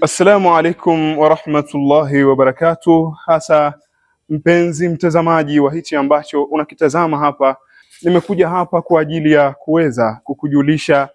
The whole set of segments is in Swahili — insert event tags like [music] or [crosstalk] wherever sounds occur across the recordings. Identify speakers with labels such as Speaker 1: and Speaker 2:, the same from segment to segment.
Speaker 1: Assalamu alaikum warahmatullahi wabarakatuh. Hasa mpenzi mtazamaji wa hichi ambacho unakitazama hapa, nimekuja hapa kwa ajili ya kuweza kukujulisha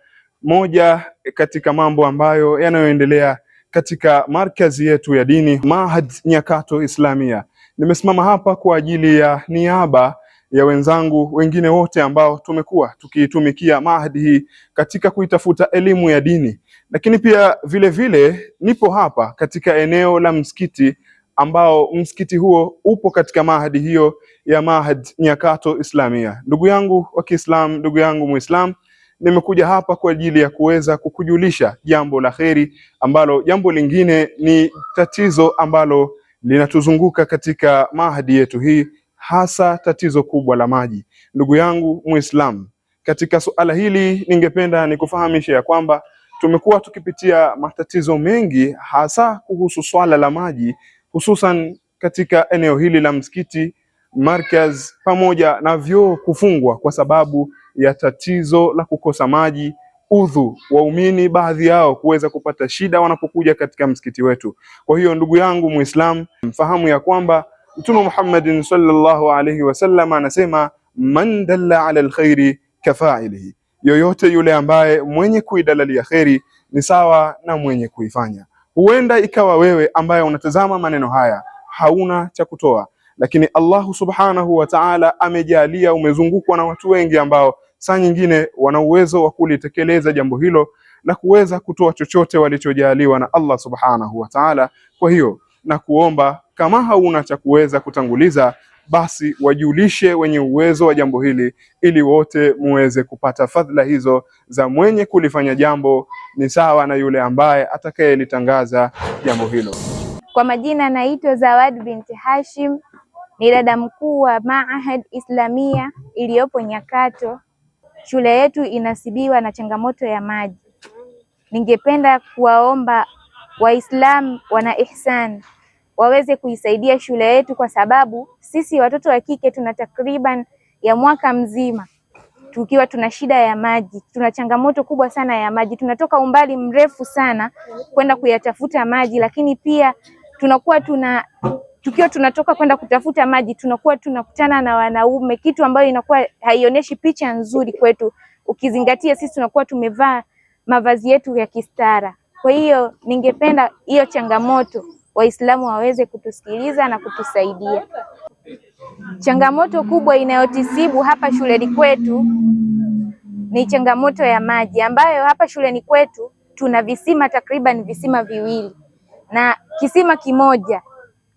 Speaker 1: moja katika mambo ambayo yanayoendelea katika markazi yetu ya dini Mahad Nyakato Islamia. Nimesimama hapa kwa ajili ya niaba ya wenzangu wengine wote ambao tumekuwa tukiitumikia Mahdi hii katika kuitafuta elimu ya dini, lakini pia vile vile nipo hapa katika eneo la msikiti ambao msikiti huo upo katika Mahdi hiyo ya Mahad Nyakato Islamia. Ndugu yangu wa Kiislamu, ndugu yangu Muislam, nimekuja hapa kwa ajili ya kuweza kukujulisha jambo la kheri, ambalo jambo lingine ni tatizo ambalo linatuzunguka katika mahadi yetu hii hasa tatizo kubwa la maji. Ndugu yangu Muislamu, katika suala hili ningependa nikufahamishe ya kwamba tumekuwa tukipitia matatizo mengi hasa kuhusu swala la maji, hususan katika eneo hili la msikiti Markaz, pamoja na vyoo kufungwa kwa sababu ya tatizo la kukosa maji udhu, waumini baadhi yao kuweza kupata shida wanapokuja katika msikiti wetu. Kwa hiyo ndugu yangu Muislamu, mfahamu ya kwamba Mtume Muhammad sallallahu alayhi wasallam anasema man dalla ala alkhairi kafailihi, yoyote yule ambaye mwenye kuidalalia kheri ni sawa na mwenye kuifanya. Huenda ikawa wewe ambaye unatazama maneno haya hauna cha kutoa, lakini Allahu subhanahu wa ta'ala amejalia umezungukwa na watu wengi ambao saa nyingine wana uwezo wa kulitekeleza jambo hilo na kuweza kutoa chochote walichojaliwa na Allah subhanahu wa ta'ala. Kwa hiyo na kuomba kama hauna cha kuweza kutanguliza, basi wajulishe wenye uwezo wa jambo hili, ili wote muweze kupata fadhila hizo za mwenye kulifanya jambo, ni sawa na yule ambaye atakayelitangaza jambo hilo.
Speaker 2: Kwa majina naitwa Zawad binti Hashim, ni dada mkuu wa Maahad Islamia iliyopo Nyakato. Shule yetu inasibiwa na changamoto ya maji. Ningependa kuwaomba Waislamu wana ihsan waweze kuisaidia shule yetu, kwa sababu sisi watoto wa kike tuna takriban ya mwaka mzima tukiwa tuna shida ya maji, tuna changamoto kubwa sana ya maji. Tunatoka umbali mrefu sana kwenda kuyatafuta maji, lakini pia tunakuwa tuna tukiwa tunatoka kwenda kutafuta maji tunakuwa tunakutana na wanaume, kitu ambayo inakuwa haionyeshi picha nzuri kwetu, ukizingatia sisi tunakuwa tumevaa mavazi yetu ya kistara. Kwa hiyo ningependa hiyo changamoto Waislamu waweze kutusikiliza na kutusaidia. Changamoto kubwa inayotisibu hapa shuleni kwetu ni changamoto ya maji ambayo hapa shuleni kwetu tuna visima takriban visima viwili na kisima kimoja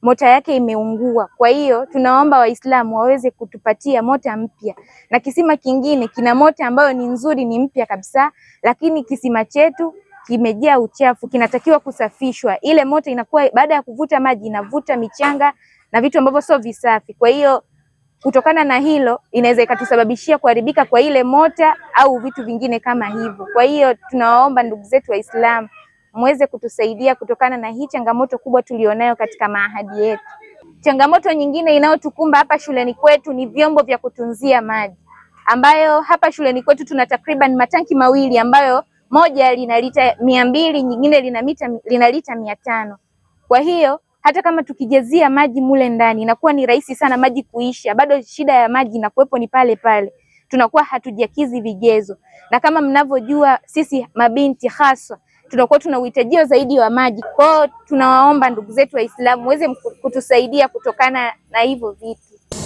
Speaker 2: mota yake imeungua. Kwa hiyo tunaomba Waislamu waweze kutupatia mota mpya, na kisima kingine kina mota ambayo ni nzuri, ni mpya kabisa, lakini kisima chetu kimejaa uchafu, kinatakiwa kusafishwa. Ile moto inakuwa baada ya kuvuta maji inavuta michanga na vitu ambavyo sio visafi. Kwa hiyo kutokana na hilo inaweza ikatusababishia kuharibika kwa ile mota au vitu vingine kama hivyo. Kwa hiyo tunawaomba ndugu zetu Waislamu muweze kutusaidia kutokana na hii changamoto kubwa tulionayo katika maahadi yetu. Changamoto nyingine inayotukumba hapa shuleni kwetu ni vyombo vya kutunzia maji, ambayo hapa shuleni kwetu tuna takriban matanki mawili ambayo moja lina lita mia mbili nyingine lina mita lina lita mia tano Kwa hiyo hata kama tukijazia maji mule ndani inakuwa ni rahisi sana maji kuisha, bado shida ya maji inakuwepo ni pale pale, tunakuwa hatujakizi vigezo. Na kama mnavyojua sisi mabinti haswa tunakuwa tuna uhitajio zaidi wa maji kwao. Tunawaomba ndugu zetu Waislamu weze kutusaidia kutokana na hivyo vitu.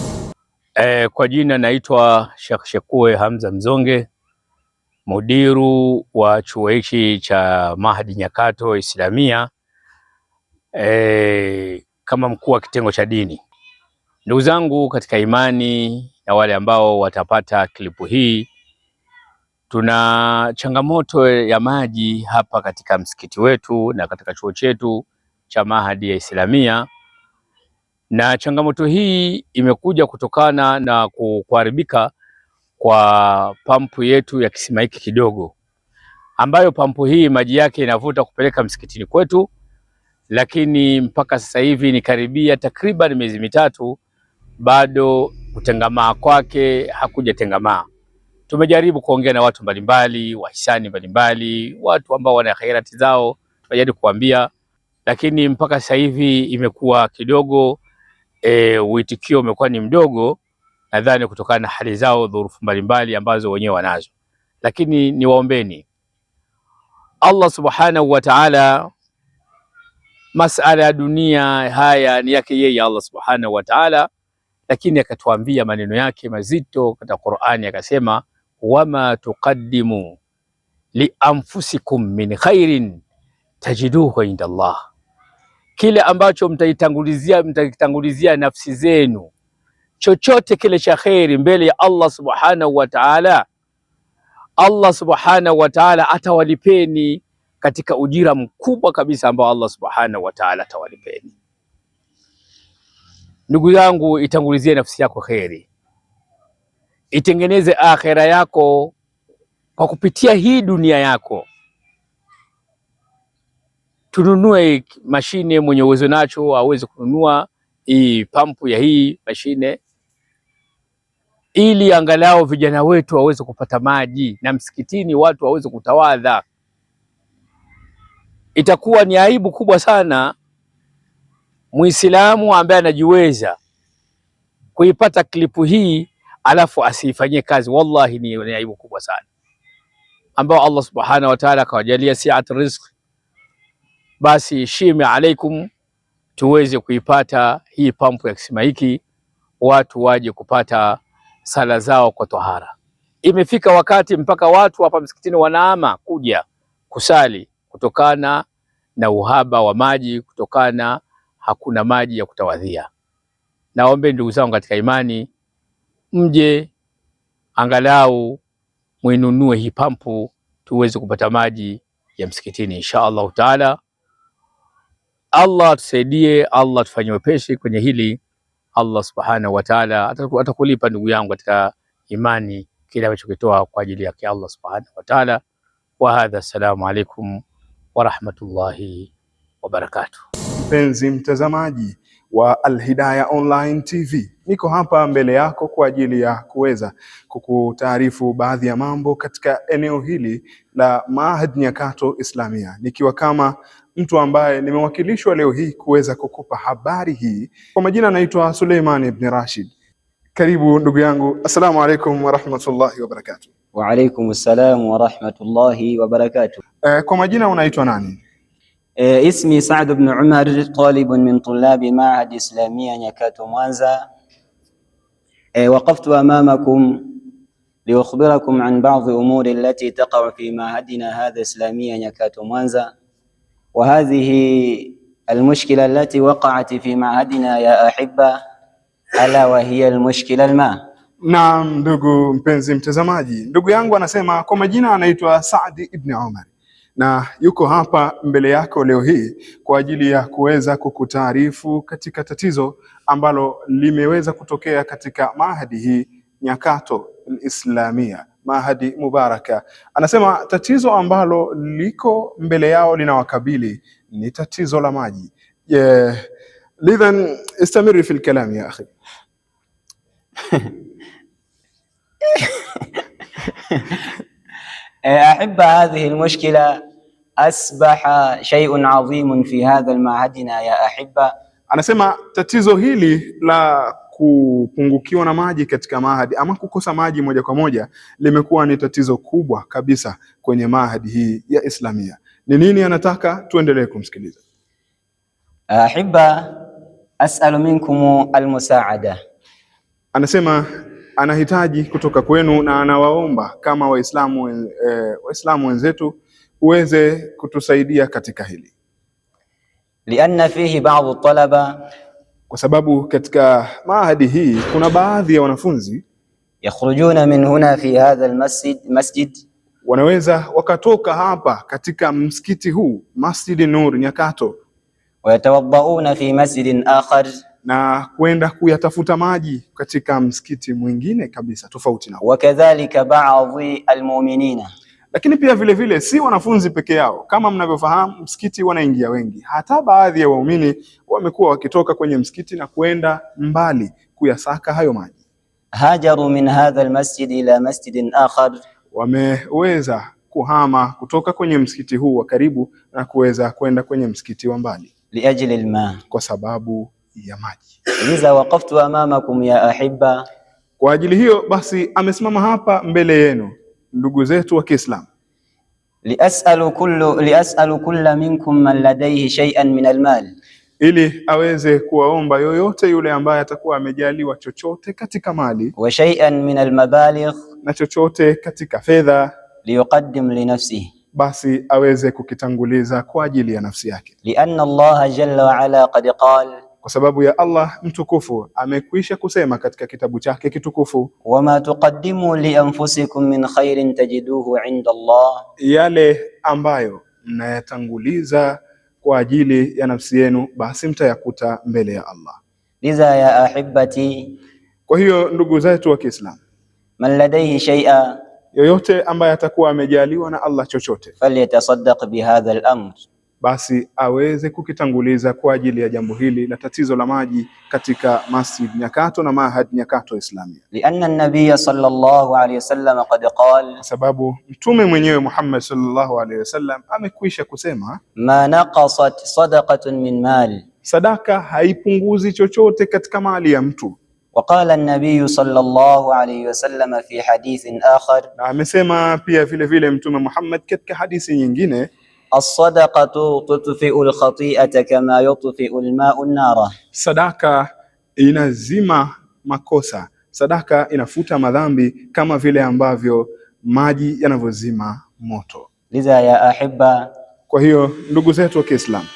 Speaker 3: Eh, kwa jina naitwa Sheikh Shekue Hamza Mzonge mudiru wa chuo hichi cha Mahadi Nyakato Islamia e, kama mkuu wa kitengo cha dini. Ndugu zangu katika imani na wale ambao watapata klipu hii, tuna changamoto ya maji hapa katika msikiti wetu na katika chuo chetu cha Mahadi ya Islamia, na changamoto hii imekuja kutokana na kuharibika kwa pampu yetu ya kisima hiki kidogo, ambayo pampu hii maji yake inavuta kupeleka msikitini kwetu, lakini mpaka sasa hivi ni karibia takriban miezi mitatu bado kutengamaa kwake hakujatengamaa. Tumejaribu kuongea na watu mbalimbali, wahisani mbalimbali, watu ambao wana khairati zao, tumejaribu kuambia, lakini mpaka sasa hivi imekuwa kidogo e, uitikio umekuwa ni mdogo nadhani kutokana na hali zao, dhurufu mbalimbali ambazo wenyewe wanazo, lakini niwaombeni Allah subhanahu wa ta'ala. Masala ya dunia haya ni yake yeye Allah subhanahu wa ta'ala, lakini akatuambia maneno yake mazito katika Qur'ani, akasema wama tuqaddimu li anfusikum min khairin tajiduhu inda Allah, kile ambacho mtaitangulizia mtakitangulizia nafsi zenu chochote kile cha kheri mbele ya Allah subhanahu wa taala, Allah subhanahu wa taala atawalipeni katika ujira mkubwa kabisa ambao Allah subhanahu wa taala atawalipeni. Ndugu yangu, itangulizie nafsi yako kheri, itengeneze akhera yako kwa kupitia hii dunia yako. Tununue mashine, mwenye uwezo nacho aweze kununua hii pampu ya hii mashine ili angalau vijana wetu waweze kupata maji na msikitini watu waweze kutawadha. Itakuwa ni aibu kubwa sana Muislamu ambaye anajiweza kuipata klipu hii alafu asiifanyie kazi. Wallahi ni aibu kubwa sana ambao Allah subhanahu wa ta'ala akawajalia siat rizq, basi shime alaikum tuweze kuipata hii pampu ya kisima hiki, watu waje kupata sala zao kwa tahara. Imefika wakati mpaka watu hapa msikitini wanaama kuja kusali kutokana na uhaba wa maji, kutokana hakuna maji ya kutawadhia. Naombe ndugu zangu katika imani, mje angalau mwinunue hii pampu tuweze kupata maji ya msikitini insha Allahu taala. Allah tusaidie, Allah tufanye wepesi kwenye hili. Allah subhanahu wa ta'ala atakulipa ndugu yangu katika imani kile alichokitoa kwa ajili yake Allah subhanahu wa ta'ala. Wa hadha, assalamu alaikum wa rahmatullahi wa barakatuh.
Speaker 1: Mpenzi mtazamaji wa Alhidaya Online TV. Niko hapa mbele yako kwa ajili ya kuweza kukutaarifu baadhi ya mambo katika eneo hili la Maahad Nyakato Islamia, nikiwa kama mtu ambaye nimewakilishwa leo hii kuweza kukupa habari hii. Kwa majina naitwa Suleiman Ibn Rashid. Karibu ndugu yangu, assalamu alaikum warahmatullahi wabarakatuh.
Speaker 4: Wa alaikum salam warahmatullahi wabarakatuh.
Speaker 1: Eh, kwa majina unaitwa nani?
Speaker 4: E, ismi Saad ibn Umar talibun min tulabi Ma'had Islamia Nyakato Mwanza. E, waqaftu amamakum liukhbirakum an ba'dhi umuri allati taqa'u fi ma'hadina hadha Islamia Nyakato Mwanza wa hadhihi almushkila allati waqa'at fi ma'hadina ya ahibba ala wa hiya almushkila alma
Speaker 1: Naam, ndugu mpenzi mtazamaji, ndugu yangu anasema kwa majina anaitwa Saad ibn Umar na yuko hapa mbele yako leo hii kwa ajili ya kuweza kukutaarifu katika tatizo ambalo limeweza kutokea katika mahadi hii Nyakato Islamia Mahadi Mubaraka. Anasema tatizo ambalo liko mbele yao linawakabili ni tatizo la maji. Lidhan istamiri fi lkalam ya akhi [laughs]
Speaker 4: eh, ahibba hadhihi almushkila asbaha shay'un adhimun fi hadha almahadina ya ahibba,
Speaker 1: anasema tatizo hili la kupungukiwa na maji katika mahadi ama kukosa maji moja kwa moja limekuwa ni tatizo kubwa kabisa kwenye mahadi hii ya Islamia. Ni nini anataka? Tuendelee kumsikiliza.
Speaker 4: Ahibba asalu minkum almusaada,
Speaker 1: anasema anahitaji kutoka kwenu na anawaomba kama Waislamu, eh, Waislamu wenzetu uweze kutusaidia katika hili
Speaker 4: lianna fihi baadhi talaba,
Speaker 1: kwa sababu katika maahadi hii kuna baadhi ya wanafunzi
Speaker 4: yakhrujuna min huna fi hadha almasjid masjid,
Speaker 1: wanaweza wakatoka hapa katika msikiti huu Masjid Nur Nyakato,
Speaker 4: wayatawaddauna fi masjidin akhar,
Speaker 1: na kwenda kuyatafuta maji katika msikiti mwingine kabisa tofauti na,
Speaker 4: wakadhalika baadhi almu'minina
Speaker 1: lakini pia vilevile vile, si wanafunzi peke yao. Kama mnavyofahamu, msikiti wanaingia wengi, hata baadhi ya waumini wamekuwa wakitoka kwenye msikiti na kwenda mbali kuyasaka hayo maji.
Speaker 4: hajaru min hadha almasjid ila masjidin akhar,
Speaker 1: wameweza kuhama kutoka kwenye msikiti huu wa karibu na kuweza kwenda kwenye msikiti wa mbali.
Speaker 4: liajli alma,
Speaker 1: kwa sababu ya maji.
Speaker 4: iza waqaftu amamakum ya ahibba,
Speaker 1: kwa ajili hiyo basi amesimama hapa mbele yenu ndugu zetu wa Kiislamu.
Speaker 4: liasalu kullu liasalu kulla minkum man ladayhi shay'an min almal,
Speaker 1: ili aweze kuwaomba yoyote yule ambaye atakuwa amejaliwa chochote katika mali.
Speaker 4: wa shay'an min almabaligh,
Speaker 1: na chochote katika fedha.
Speaker 4: liyuqaddim li nafsihi
Speaker 1: basi aweze kukitanguliza kwa ajili ya nafsi yake.
Speaker 4: anna Allah jalla wa ala qad qala
Speaker 1: kwa sababu ya Allah mtukufu amekwisha kusema katika kitabu chake kitukufu,
Speaker 4: wama tuqaddimu li anfusikum min khairin tajiduhu inda Allah,
Speaker 1: yale ambayo mnayatanguliza kwa ajili ya nafsi yenu basi mtayakuta mbele ya Allah.
Speaker 4: Liza ya ahibati,
Speaker 1: kwa hiyo ndugu zetu wa Kiislamu,
Speaker 4: man ladayhi shay'a,
Speaker 1: yoyote ambaye atakuwa amejaliwa na Allah chochote,
Speaker 4: falyatasaddaq bihadha al-amr
Speaker 1: basi aweze kukitanguliza kwa ajili ya jambo hili la tatizo la maji katika Masjid Nyakato na Mahad Nyakato Islamia.
Speaker 4: Lianna nabiy sallallahu alayhi wasallam qad qala,
Speaker 1: sababu mtume mwenyewe Muhammad sallallahu alayhi wasallam amekwisha kusema,
Speaker 4: ma naqasat sadaqatun min mal,
Speaker 1: sadaka haipunguzi chochote katika mali ya mtu.
Speaker 4: Waqala an-nabiy sallallahu alayhi wasallam fi hadithin akhar,
Speaker 1: na amesema pia vile vile mtume Muhammad katika hadithi nyingine
Speaker 4: As-sadaqatu tutfiu al-khati'ata kama yutfiu al-ma'u an-nara,
Speaker 1: sadaka inazima makosa, sadaka inafuta madhambi kama vile ambavyo maji yanavyozima moto.
Speaker 4: Lidha ya ahibba,
Speaker 1: kwa hiyo ndugu zetu wa Kiislamu,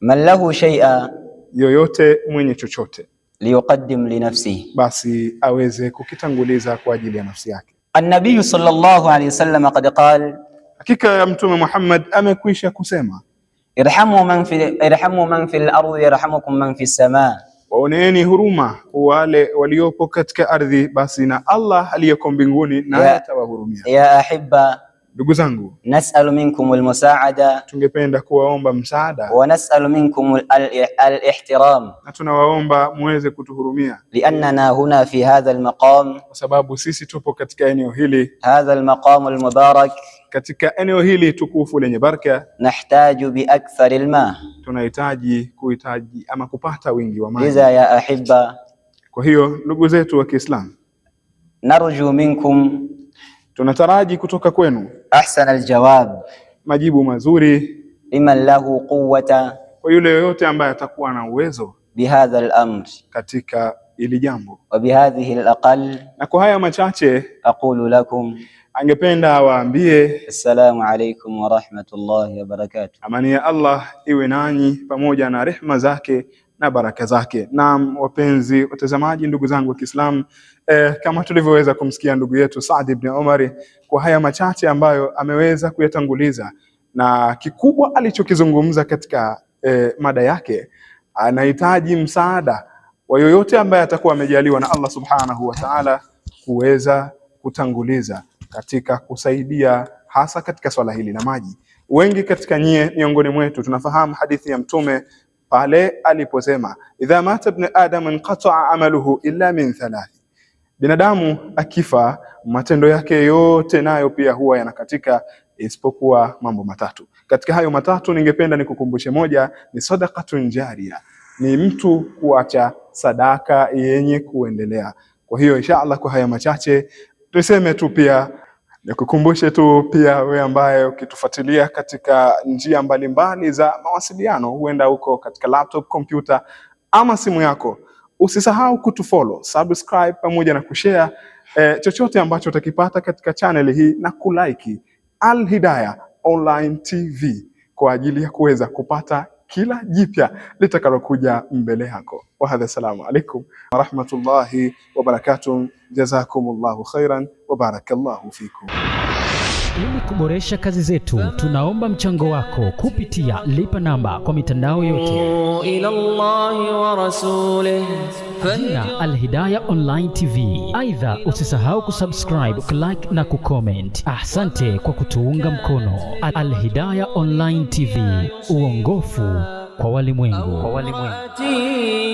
Speaker 4: man lahu shay'a,
Speaker 1: yoyote mwenye chochote,
Speaker 4: liyuqaddim li nafsihi,
Speaker 1: basi aweze kukitanguliza kwa ajili ya nafsi yake.
Speaker 4: An-nabiy sallallahu alayhi wasallam qad qala
Speaker 1: Hakika ya Mtume Muhammad amekwisha kusema,
Speaker 4: irhamu man fi irhamu man fil ardi yarhamukum man fis samaa,
Speaker 1: waoneeni huruma wale waliopo katika ardhi, basi na Allah aliyeko mbinguni naye atawahurumia.
Speaker 4: Ya ahibba
Speaker 1: Ndugu zangu,
Speaker 4: nasalu minkum almusaada,
Speaker 1: tungependa kuwaomba msaada.
Speaker 4: Wa nasalu minkum alihtiram,
Speaker 1: na tunawaomba muweze kutuhurumia.
Speaker 4: Liannana huna fi hadha almaqam, kwa
Speaker 1: sababu sisi tupo katika eneo hili.
Speaker 4: Hadha almaqam almubarak
Speaker 1: katika eneo hili tukufu lenye baraka.
Speaker 4: Nahtaju bi akthar alma,
Speaker 1: tunahitaji kuhitaji ama kupata wingi wa maji.
Speaker 4: Iza ya ahibba,
Speaker 1: kwa hiyo ndugu zetu wa Kiislam,
Speaker 4: narju minkum,
Speaker 1: tunataraji kutoka kwenu.
Speaker 4: Ahsan aljawab,
Speaker 1: majibu mazuri.
Speaker 4: Liman lahu quwwata,
Speaker 1: kwa yule yoyote ambaye atakuwa na uwezo.
Speaker 4: Bihadha alamr,
Speaker 1: katika ili jambo.
Speaker 4: Wa bihadhihi alaqal,
Speaker 1: na kwa haya machache.
Speaker 4: Aqulu lakum
Speaker 1: angependa awaambie
Speaker 4: assalamu alaikum wa barakatuh.
Speaker 1: amani ya Allah iwe nanyi pamoja na rehma zake na baraka zake. Naam, wapenzi watazamaji, ndugu zangu wa Kiislamu, eh, kama tulivyoweza kumsikia ndugu yetu Saad ibn Omari kwa haya machache ambayo ameweza kuyatanguliza na kikubwa alichokizungumza katika eh, mada yake, anahitaji msaada wa yoyote ambaye atakuwa amejaliwa na Allah subhanahu wa ta'ala kuweza kutanguliza katika kusaidia hasa katika swala hili la maji. Wengi katika nyie miongoni mwetu tunafahamu hadithi ya Mtume pale aliposema, idha mata ibn adam inqataa amaluhu illa min thalath, binadamu akifa matendo yake yote nayo pia huwa yanakatika isipokuwa mambo matatu. Katika hayo matatu ningependa nikukumbushe, moja ni sadaqatun jaria, ni mtu kuacha sadaka yenye kuendelea. Kwa hiyo insha Allah, kwa haya machache Tuseme tu pia nikukumbushe tu pia we ambaye ukitufuatilia katika njia mbalimbali mbali za mawasiliano, huenda huko katika laptop, kompyuta ama simu yako, usisahau kutufollow, subscribe pamoja na kushare eh, chochote ambacho utakipata katika channel hii na kulike Al Hidayah Online TV kwa ajili ya kuweza kupata kila jipya litakalokuja mbele yako. wahadha hadha, salamu alaikum warahmatullahi wabarakatuh. Jazakumullahu khairan wa barakallahu fikum.
Speaker 5: Ili kuboresha kazi zetu, tunaomba mchango wako kupitia lipa namba kwa mitandao yote. Jina Alhidaya Online TV. Aidha, usisahau kusubscribe, like na kucomment. Asante kwa kutuunga mkono. Alhidaya Online TV, uongofu kwa walimwengu.